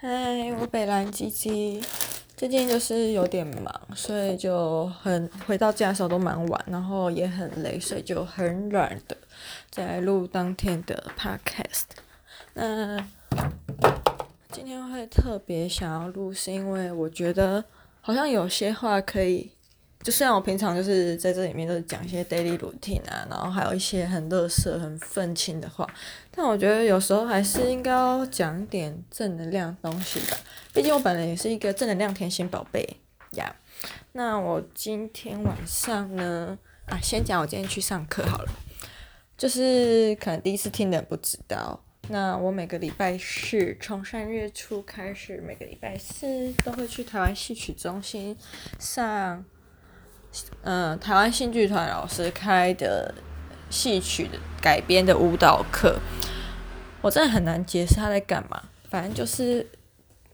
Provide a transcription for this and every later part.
嗨，我北藍基嘰，最近就是有點忙，所以就很回到家的時候都蠻晚，然後也很累，所以就很軟的在錄當天的 podcast。那今天會特別想要錄，是因為我覺得好像有些話可以。雖然我平常就是在這裡面都是講一些 daily routine 啊，然後還有一些很樂色、很憤青的話，但我覺得有時候還是應該要講點正能量東西吧。畢竟我本人也是一個正能量甜心寶貝呀。Yeah. 那我今天晚上呢，啊，先講我今天去上課好了。就是可能第一次聽的人不知道，那我每個禮拜四，從三月初開始，每個禮拜四都會去台灣戲曲中心上。嗯，臺灣新劇團老師開的戲曲的改編的舞蹈課，我真的很難解釋他在幹嘛。反正就是，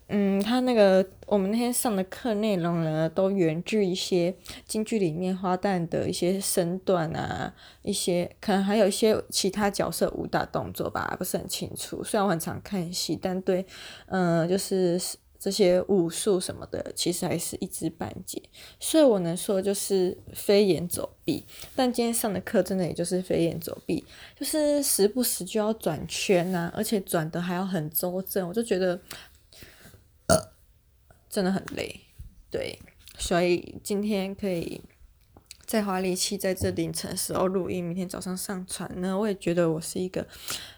嗯，他那個我們那天上的課內容呢，都源自一些京劇裡面花旦的一些身段啊，一些可能還有一些其他角色武打動作吧，不是很清楚。雖然我很常看戲，但對，嗯，就是。這些武術什麼的，其實還是一知半解，所以我能說就是飛檐走壁。但今天上的課真的也就是飛檐走壁，就是時不時就要轉圈吶、啊，而且轉的還要很周正，我就覺得、呃、真的很累。對，所以今天可以再花力氣在這凌晨時候錄音，明天早上上傳呢，我也覺得我是一個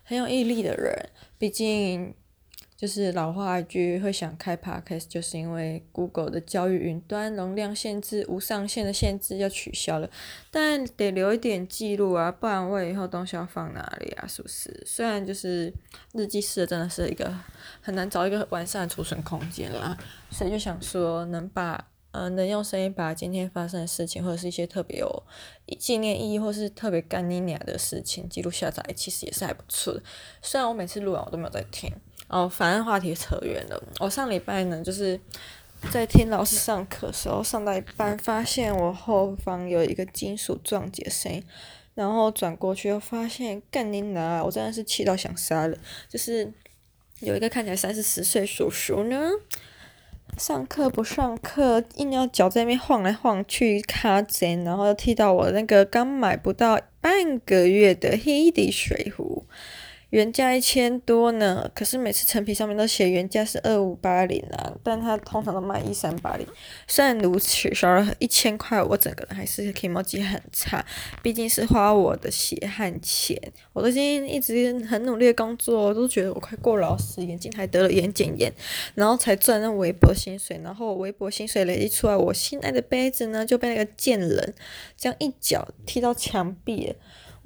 很有毅力的人，畢竟。就是老話一句，會想開 Podcast，就是因為 Google 的教育雲端容量限制無上限的限制要取消了，但得留一點記錄啊，不然我以後東西要放哪裡啊，是不是？雖然就是日記式真的是一個很難找一個完善的儲存空間啦，所以就想說能把，嗯、呃，能用聲音把今天發生的事情，或者是一些特別有紀念意義，或是特別幹妮雅的事情記錄下來，其實也是還不錯的。雖然我每次錄完我都沒有在聽。哦，反正話題扯遠了。我、哦、上禮拜呢，就是在聽老師上課的時候上到一半，發現我後方有一個金屬撞擊的聲音，然後轉過去又發現，幹你媽！我真的是氣到想殺人。就是有一個看起來三四十歲叔叔呢，上課不上課，硬要腳在那邊晃來晃去卡針，然後又踢到我那個剛買不到半個月的 Hidy 水壺。原價一千多呢，可是每次成品上面都寫原價是二五八零啊，但它通常都賣一三八零。雖然如此，少了一千塊，我整個人還是可以摸己很差，畢竟是花我的血汗錢。我最近一直很努力的工作，我都覺得我快過勞死，眼睛還得了眼瞼炎，然後才賺那微薄薪水，然後微薄薪水累積出來，我心愛的杯子呢就被那個賤人這樣一腳踢到牆壁。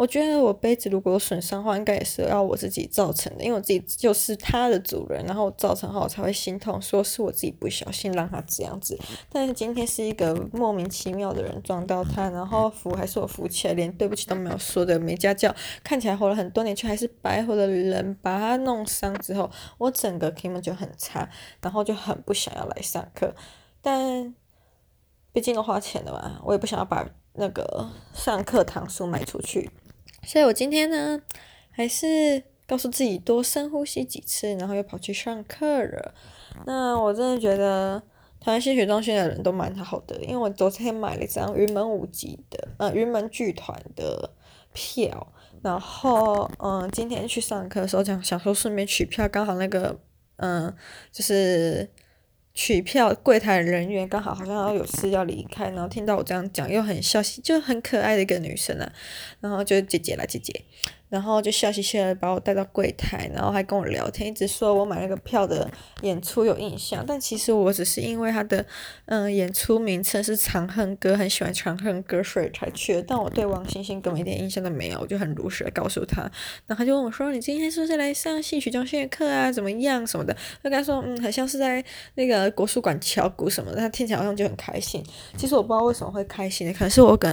我覺得我杯子如果有損傷的話，應該也是要我自己造成的，因為我自己就是它的主人，然後我造成後我才會心痛，說是我自己不小心讓它這樣子。但是今天是一個莫名其妙的人撞到它，然後扶還是我扶起來，連對不起都沒有說的，沒家教，看起來活了很多年卻還是白活的人，把它弄傷之後，我整個 kimo 就很差，然後就很不想要來上課。但畢竟都花錢了嘛，我也不想要把那個上課堂數賣出去。所以我今天呢，還是告訴自己多深呼吸幾次，然後又跑去上課了。那我真的覺得台灣戲曲中心的人都蠻好的，因為我昨天買了一張雲門舞集的，呃，雲門劇團的票，然後，嗯，今天去上課的時候我想，想說順便取票，剛好那個，嗯，就是。取票櫃檯人員剛好好像要有事要離開，然後聽到我這樣講又很笑心，就很可愛的一個女生啊，然後就姐姐了，姐姐。然後就笑嘻嘻的把我帶到櫃檯，然後還跟我聊天，一直說我買了個票的演出有印象，但其實我只是因為他的，嗯、呃，演出名稱是《長恨歌》，很喜歡《長恨歌》，所以才去。但我對王心心根本一點印象都沒有，我就很如實的告訴他。然後他就問我說：“你今天是不是來上戲曲中心的課啊？怎麼樣什麼的？”他就跟他說：“嗯，好像是在那個國術館敲鼓什麼的。”他聽起來好像就很開心。其實我不知道為什麼會開心的，可能是我跟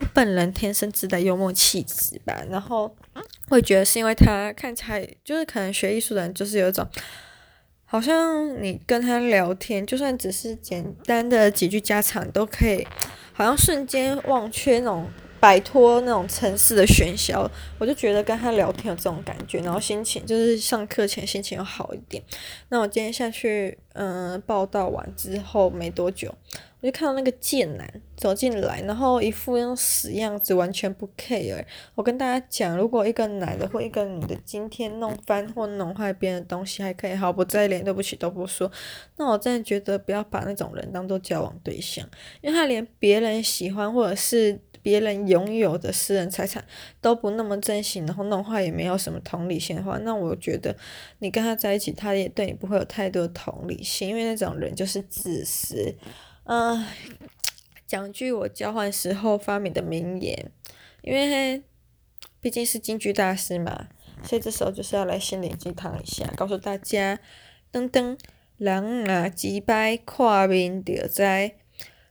我本人天生自帶幽默氣質吧。然後。會覺得是因為他看起來就是可能學藝術的人，就是有一種，好像你跟他聊天，就算只是簡單的幾句家常，都可以，好像瞬間忘卻那種，擺脫那種城市的喧囂。我就覺得跟他聊天有這種感覺，然後心情就是上課前心情要好一點。那我今天下去，嗯，報到完之後沒多久，我就看到那個賤男走進來，然後一副那種死樣子，完全不 care。我跟大家講，如果一個男的或一個女的今天弄翻或弄壞別人的東西，還可以毫不在意，連對不起都不說，那我真的覺得不要把那種人當做交往對象，因為他連別人喜歡或者是別人擁有的私人財產都不那麼珍惜，然後弄壞也沒有什麼同理心的話，那我覺得你跟他在一起，他也對你不會有太多同理心，因為那種人就是自私。嗯、uh,，講句我交換時候發明的名言，因為嘿畢竟是京劇大師嘛，所以這時候就是要來心靈雞湯一下，告訴大家，等等，人啊，幾擺看面就知。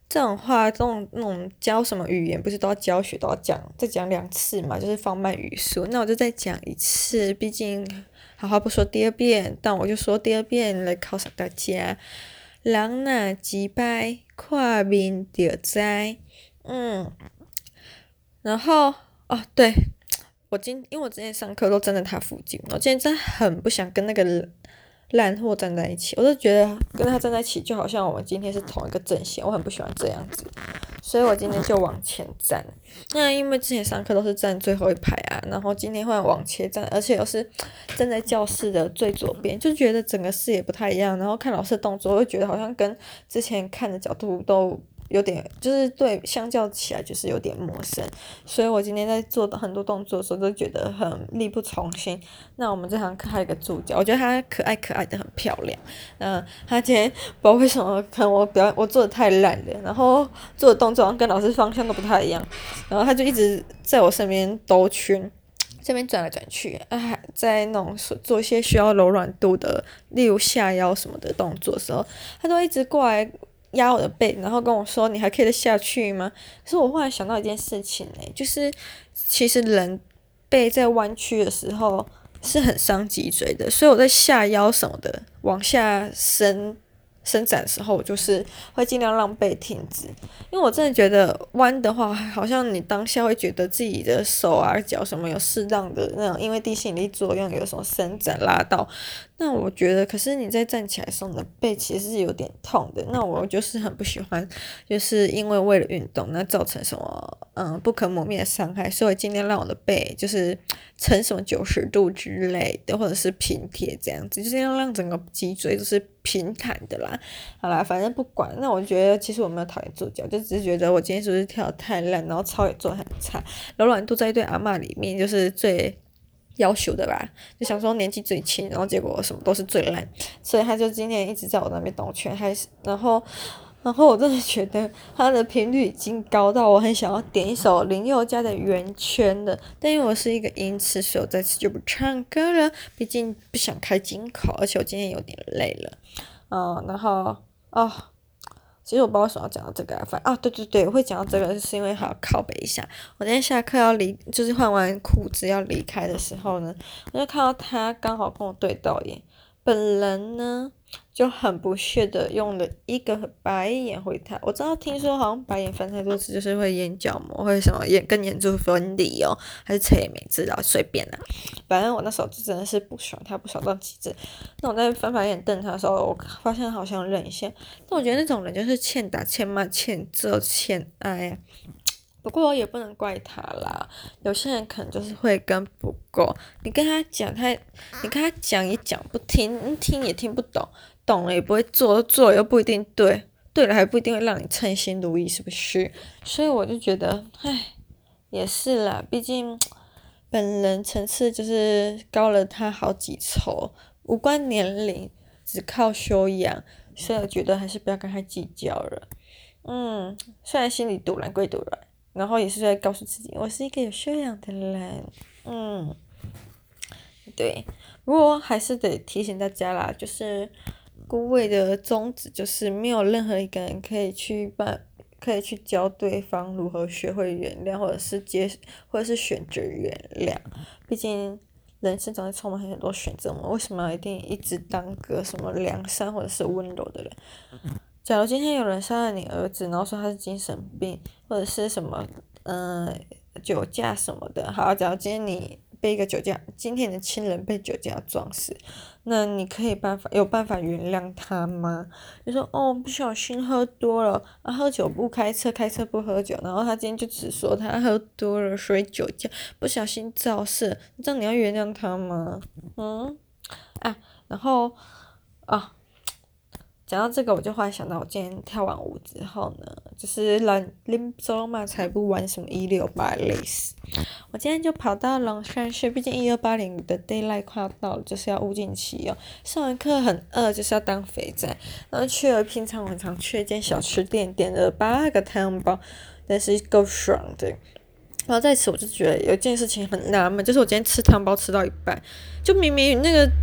這種話，這種那種教什麼語言，不是都要教學都要講，再講兩次嘛，就是放慢語速。那我就再講一次，畢竟好話不說第二遍，但我就說第二遍來犒賞大家。人哪拜，一擺看面就知，嗯。然後，哦，對，我今天因為我之前上課都站在他附近，我今天真的很不想跟那個爛貨站在一起，我都覺得跟他站在一起，就好像我們今天是同一個陣線。我很不喜歡這樣子，所以我今天就往前站。那因為之前上課都是站最後一排啊，然後今天換往前站，而且又是站在教室的最左邊，就覺得整個視野不太一樣。然後看老師的動作，我就覺得好像跟之前看的角度都。有點就是對，相較起來就是有點陌生，所以我今天在做很多動作的時候都覺得很力不從心。那我們這堂課還有一個助教，我覺得她可愛可愛的，很漂亮。嗯，她今天不知道為什麼，可能我表演我做的太爛了，然後做的動作好像跟老師方向都不太一樣，然後她就一直在我身邊兜圈，這邊轉來轉去，哎，在那種做一些需要柔軟度的，例如下腰什麼的動作的時候，她都一直過來，壓我的背，然後跟我說：“你還可以再下去嗎？”可是我忽然想到一件事情嘞、欸，就是其實人背在彎曲的時候是很傷脊椎的，所以我在下腰什麼的往下伸。伸展的時候，就是會盡量讓背挺直，因為我真的覺得彎的話，好像你當下會覺得自己的手啊、腳什麼有適當的那種，因為地心引力作用有什麼伸展拉到。那我覺得，可是你在站起來的時候，你的背其實是有點痛的。那我就是很不喜歡，就是因為為了運動，那造成什麼嗯不可磨滅的傷害，所以盡量讓我的背就是呈什麼九十度之類的，或者是平貼這樣子，就是要讓整個脊椎都、就是。平坦的啦，好啦，反正不管。那我覺得其實我沒有討厭助教，就只是覺得我今天是不是跳得太爛，然後操也做得很差。柔軟度在一對阿嬤裡面就是最要求的吧，就想說年紀最輕，然後結果什麼都是最爛，所以他就今天一直在我那邊兜圈，還是然後。然後我真的覺得它的頻率已經高到我很想要點一首林宥嘉的《圓圈》的，但因為我是一個音痴，所以這次就不唱歌了。畢竟不想開金口，而且我今天有點累了、哦。嗯，然後啊、哦，其實我把我想要講到這個，反啊，對對對，我會講到這個，是因為還要靠北一下。我今天下課要離，就是換完褲子要離開的時候呢，我就看到他剛好跟我對到眼，本人呢。就很不屑的用了一個白眼回他，我知道聽說好像白眼翻太多次就是會眼角膜或者什麼眼跟眼珠分離哦，還是誰也沒知道隨便的、啊，反正我那時候就真的是不爽，他，不爽到極致。那我在翻白眼瞪他的時候，我發現好像忍一下，但我覺得那種人就是欠打欠、欠罵、欠揍、欠愛。不過我也不能怪他啦，有些人可能就是會跟不夠，你跟他講他，你跟他講也講不聽，聽也聽不懂。懂了也不會做，做了又不一定對，對了還不一定會讓你稱心如意，是不是？所以我就覺得，唉，也是啦，畢竟本人層次就是高了他好幾籌，無關年齡，只靠修養。所以我覺得還是不要跟他計較了。嗯，雖然心裡賭爛歸賭爛，然後也是在告訴自己，我是一個有修養的人。嗯，對，不過還是得提醒大家啦，就是。孤位的宗旨就是沒有任何一個人可以去辦，可以去教對方如何學會原諒，或者是接，或者是選擇原諒。畢竟人生總是充滿很多選擇嘛，為什麼要一定一直當個什麼良善或者是溫柔的人？假如今天有人殺了你兒子，然後說他是精神病或者是什麼，嗯，酒駕什麼的。好，假如今天你。被一個酒駕，今天的親人被酒駕撞死，那你可以辦法有辦法原諒他嗎？你、就是、說哦，不小心喝多了，啊，喝酒不開車，開車不喝酒，然後他今天就只說他喝多了所以酒駕，不小心肇事，那你要原諒他嗎？嗯，啊，然後，啊。講到這個，我就忽然想到，我今天跳完舞之後呢，就是冷練周嘛，才不玩什麼一六八類似。我今天就跑到龍山去，畢竟一六八零的 daylight 快要到了，就是要物盡其用。上完課很餓，就是要當肥仔，然後去了平常我很常去的一間小吃店，點了八個湯包，但是夠爽的。然後在此，我就覺得有件事情很納悶，就是我今天吃湯包吃到一半，就明明那個。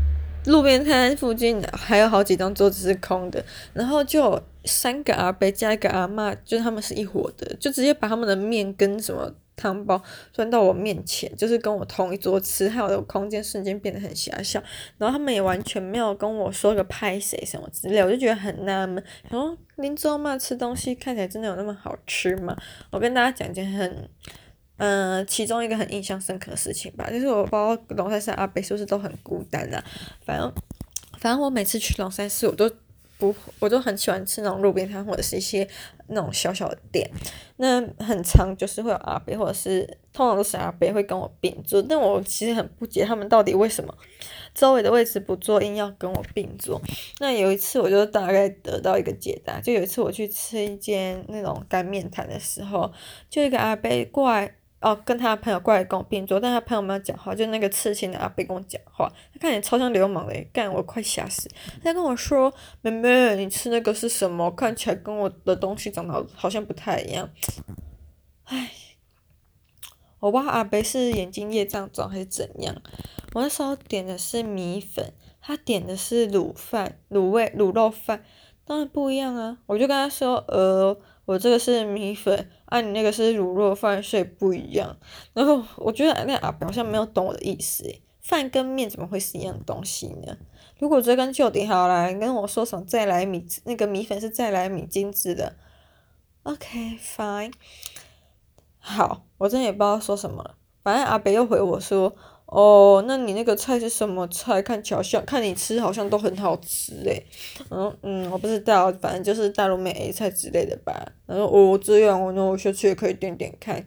路邊攤附近還有好幾張桌子是空的，然後就有三個阿伯加一個阿嬤，就他們是一夥的，就直接把他們的面跟什麼湯包端到我面前，就是跟我同一桌吃，害我的空間瞬間變得很狹小。然後他們也完全沒有跟我說個拍謝什麼之類，我就覺得很納悶。然後鄰桌嘛，吃東西看起來真的有那麼好吃嗎？我跟大家講一件很。嗯，其中一個很印象深刻的事情吧，就是我包括龍山寺阿北是不是都很孤單啊？反正，反正我每次去龍山寺，我都不，我都很喜歡吃那種路邊攤或者是一些那種小小的店。那很常就是會有阿北，或者是通常都是阿北會跟我併坐。但我其實很不解他們到底為什麼周圍的位置不坐，硬要跟我併坐。那有一次我就大概得到一個解答，就有一次我去吃一間那種乾麵攤的時候，就一個阿北過來。哦，跟他的朋友過來跟我併桌，但他朋友沒有講話，就那個刺青的阿伯跟我講話，他看起來超像流氓的，幹我快嚇死！他跟我說：“妹妹，你吃那個是什麼？看起來跟我的東西長得好像不太一樣。”哎，我不知道阿伯是眼睛業障重還是怎樣？我那時候點的是米粉，他點的是滷飯、滷味、滷肉飯，當然不一樣啊！我就跟他說：“呃，我這個是米粉。”那、啊、你那個是滷肉飯，所以不一樣。然後我覺得那阿伯好像沒有懂我的意思。飯跟麵怎麼會是一樣的東西呢？如果追根究柢，好了，跟我說什麼再來米？那個米粉是再來米精緻的。OK，fine，okay。好，我真的也不知道說什麼了。反正阿伯又回我說。哦，那你那個菜是什麼菜？看起來像，看你吃好像都很好吃哎，嗯嗯，我不知道，反正就是大陸妹菜之類的吧。然後哦願，我那我學去也可以點點看。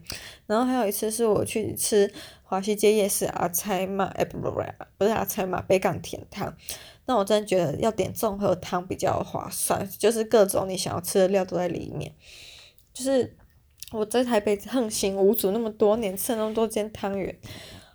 然後還有一次是我去吃華西街夜市阿猜嬤，哎不不不，不是阿猜嬤，北港甜湯。那我真的覺得要點綜合湯比較划算，就是各種你想要吃的料都在裡面。就是我在台北橫行無阻那麼多年，吃了那麼多間湯圓。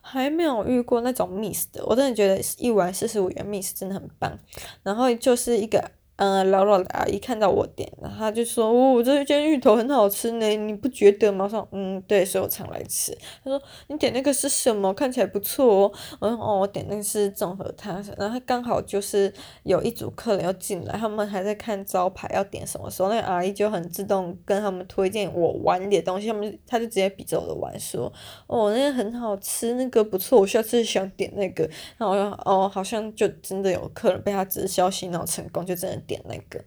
還沒有遇過那種 miss 的，我真的覺得一碗四十五元 miss 真的很棒，然後就是一個。嗯、uh，老老的阿姨看到我點，然後她就說：“哦，這一間芋頭很好吃呢，你不覺得嗎？”說：“嗯，對。”所以，我常來吃。她說：“你點那個是什麼？看起來不錯哦。”我說：“哦，我點那個是綜合湯。”然後她剛好就是有一組客人要進來，他們還在看招牌，要點什麼時候，那個阿姨就很自動跟他們推薦我玩一點東西。他們他就，就直接比着我的碗，說：“哦，那個很好吃，那個不錯，我下次想點那個。”然後我說：“哦，好像就真的有客人被他直銷然後成功，就真的點。”點那個，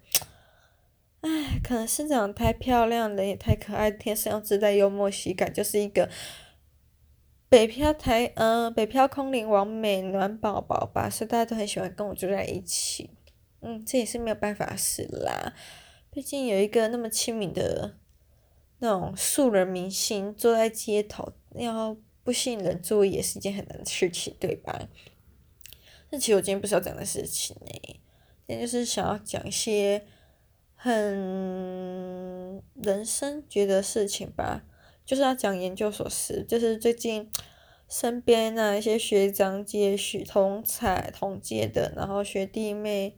唉，可能是長得太漂亮了，也太可愛，天生要自帶幽默喜感，就是一個北漂台，嗯、呃，北漂空靈王美暖寶寶吧，所以大家都很喜歡跟我住在一起。嗯，這也是沒有辦法的事啦，畢竟有一個那麼親民的那種素人明星坐在街頭，要不吸引人注意也是一件很難的事情，對吧？那其實我今天不是要講的事情呢、欸。今天就是想要講一些很人生覺得事情吧，就是要講研究所時，就是最近身邊那一些學長姐、學同才同屆的，然後學弟妹，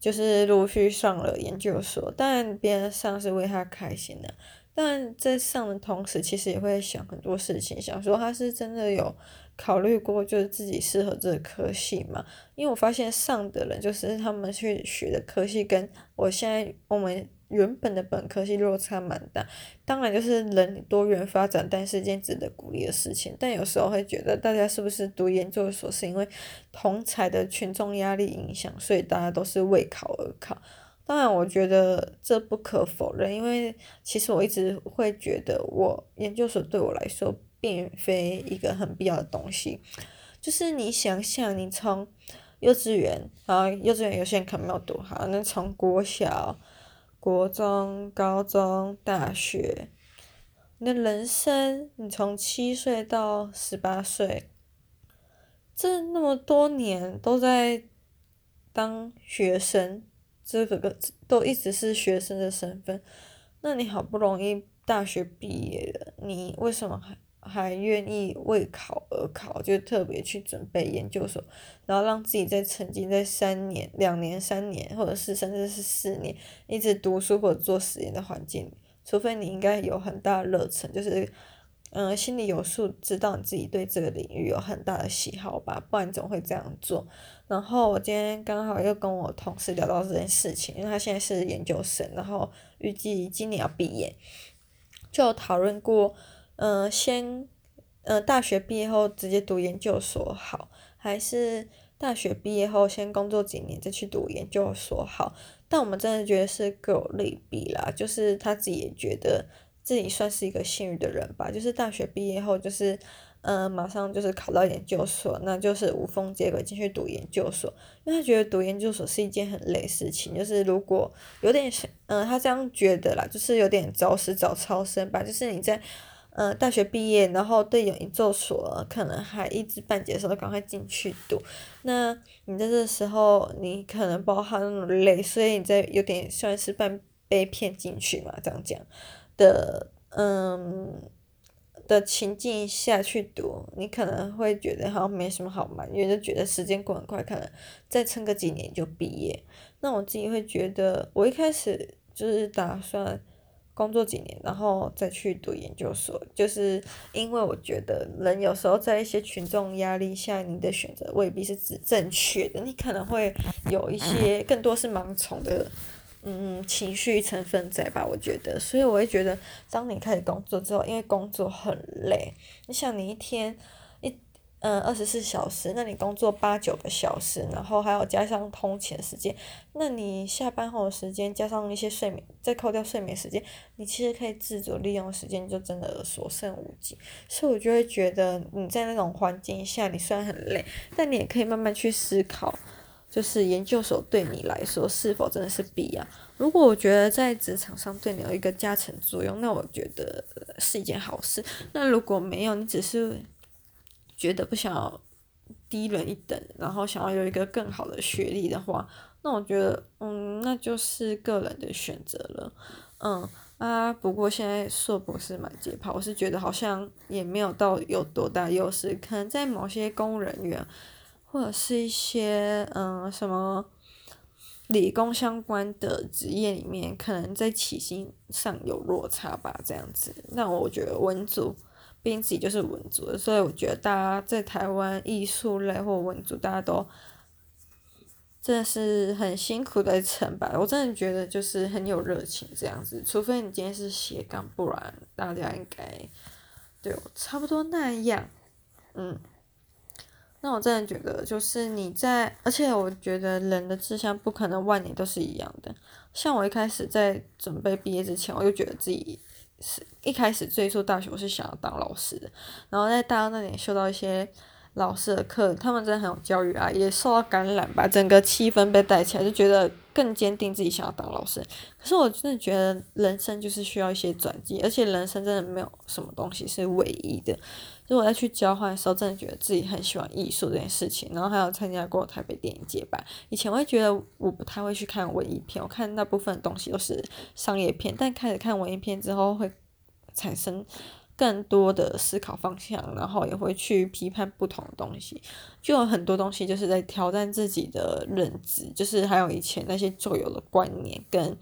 就是陸續上了研究所。當然別人上是為他開心的，但在上的同時，其實也會想很多事情，想說他是真的有。考慮過就是自己適合這個科系嘛，因為我發現上的人就是他們去學的科系跟我現在我們原本的本科系落差蠻大，當然就是人多元發展，但是件值得鼓勵的事情。但有時候會覺得大家是不是讀研究所是因為同儕的群眾壓力影響，所以大家都是為考而考。當然，我覺得這不可否認，因為其實我一直會覺得我研究所對我來說。並非一個很必要的東西，就是你想想，你從幼稚園啊，然後幼稚園有些人可能沒有讀好，那從國小、國中、高中、大學，你的人生，你從七歲到十八歲，這那麼多年都在當學生，這個都一直是學生的身份，那你好不容易大學畢業了，你為什麼還？還願意為考而考，就特別去準備研究所，然後讓自己在沉浸在三年、兩年、三年，或者是甚至是四年，一直讀書或者做實驗的環境。除非你應該有很大的熱忱，就是嗯、呃、心裡有數，知道你自己對這個領域有很大的喜好吧，不然總會這樣做。然後我今天剛好又跟我同事聊到這件事情，因為他現在是研究生，然後預計今年要畢業，就討論過。嗯、呃，先嗯、呃，大學畢業後直接讀研究所好，還是大學畢業後先工作幾年再去讀研究所好？但我們真的覺得是各有利弊啦。就是他自己也覺得自己算是一個幸運的人吧。就是大學畢業後，就是嗯、呃，馬上就是考到研究所，那就是無縫接軌進去讀研究所。因為他覺得讀研究所是一件很累事情，就是如果有點像嗯、呃，他這樣覺得啦，就是有點早死早超生吧，就是你在。嗯、呃，大學畢業，然後對研究所啊、可能還一知半解的時候，趕快進去讀。那你在這時候，你可能包含累，所以你在有點算是半被騙進去嘛，這樣講的，嗯，的情境下去讀，你可能會覺得好像沒什麼好嘛，因為就覺得時間過很快，可能再撐個幾年就畢業。那我自己會覺得，我一開始就是打算。工作幾年，然後再去讀研究所，就是因為我覺得人有時候在一些群眾壓力下，你的選擇未必是指正正確的，你可能會有一些更多是盲從的，嗯，情緒成分在吧，我覺得，所以我會覺得，當你開始工作之後，因為工作很累，你像你一天。嗯，二十四小時，那你工作八九個小時，然後還有加上通勤時間，那你下班後的時間加上一些睡眠，再扣掉睡眠時間，你其實可以自主利用時間就真的所剩無幾。所以，我就會覺得你在那種環境下，你雖然很累，但你也可以慢慢去思考，就是研究所對你來說是否真的是必要。如果我覺得在職場上對你有一個加成作用，那我覺得是一件好事。那如果沒有，你只是。覺得不想要低人一等，然後想要有一個更好的學歷的話，那我覺得，嗯，那就是個人的選擇了，嗯啊，不過現在碩博士滿街跑，我是覺得好像也沒有到有多大優勢，可能在某些公務人員或者是一些嗯什麼理工相關的職業裡面，可能在起薪上有落差吧，這樣子，那我覺得文組，畢竟自己就是文組，所以我覺得大家在台灣藝術類或文組，大家都真的是很辛苦的一群吧。我真的覺得就是很有熱情這樣子，除非你今天是斜槓，不然大家應該對差不多那樣。嗯，那我真的覺得就是你在，而且我覺得人的志向不可能萬年都是一樣的。像我一開始在準備畢業之前，我就覺得自己。是一開始最初大學我是想要當老師的，然後在大學那裡修到一些老師的課，他們真的很有教育啊，也受到感染吧，整個氣氛被帶起來，就覺得更堅定自己想要當老師。可是我真的覺得人生就是需要一些轉機，而且人生真的沒有什麼東西是唯一的。如果要去交換的時候，真的覺得自己很喜歡藝術這件事情，然後還有參加過台北電影節吧。以前我會覺得我不太會去看文藝片，我看大部分東西都是商業片。但開始看文藝片之後，會產生更多的思考方向，然後也會去批判不同的東西。就有很多東西就是在挑戰自己的認知，就是還有以前那些舊有的觀念跟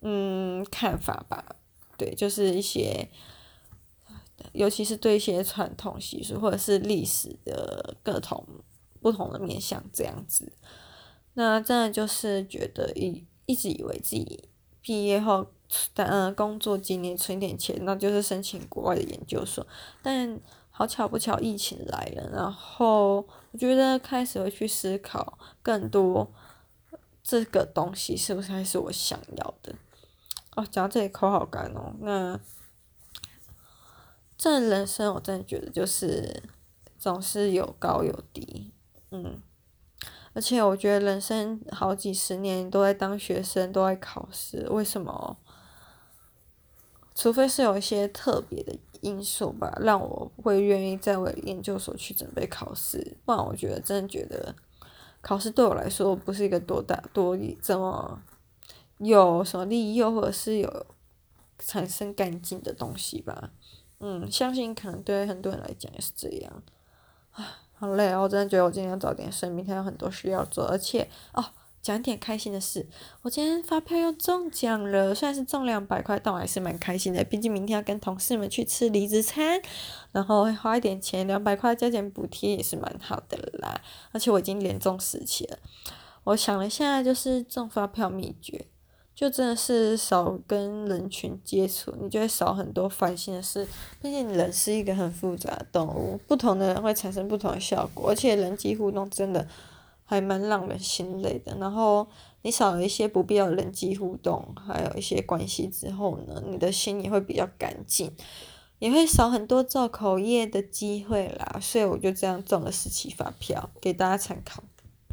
嗯看法吧。對，就是一些。尤其是對一些傳統習俗或者是歷史的各種不同的面向這樣子，那真的就是覺得一一直以為自己畢業後，嗯，工作幾年存點錢，那就是申請國外的研究所。但好巧不巧，疫情來了，然後我覺得開始會去思考更多這個東西是不是還是我想要的。哦，講到這裡口好乾哦，那。真的，人生，我真的覺得就是總是有高有低，嗯，而且我覺得人生好幾十年都在當學生，都在考試，為什麼？除非是有一些特別的因素吧，讓我會願意再為研究所去準備考試。不然，我覺得真的覺得考試對我來說，不是一個多大多這麼有什麼利益，又或者是有產生幹勁的東西吧。嗯，相信可能對很多人來講也是這樣。唉，好累啊！我真的覺得我今天要早點睡，明天有很多事要做。而且，哦，講點開心的事，我今天發票又中獎了，雖然是中兩百塊，但我還是蠻開心的。畢竟明天要跟同事們去吃離職餐，然後會花一點錢，兩百塊加點補貼也是蠻好的啦。而且我已經連中十期了。我想了一下，就是中發票秘訣。就真的是少跟人群接觸，你就會少很多煩心的事。畢竟人是一個很複雜的動物，不同的人會產生不同的效果。而且人際互動真的還蠻讓人心累的。然後你少了一些不必要的人際互動，還有一些關係之後呢，你的心也會比較乾淨，也會少很多造口業的機會啦。所以我就這樣中了十七發票，給大家參考。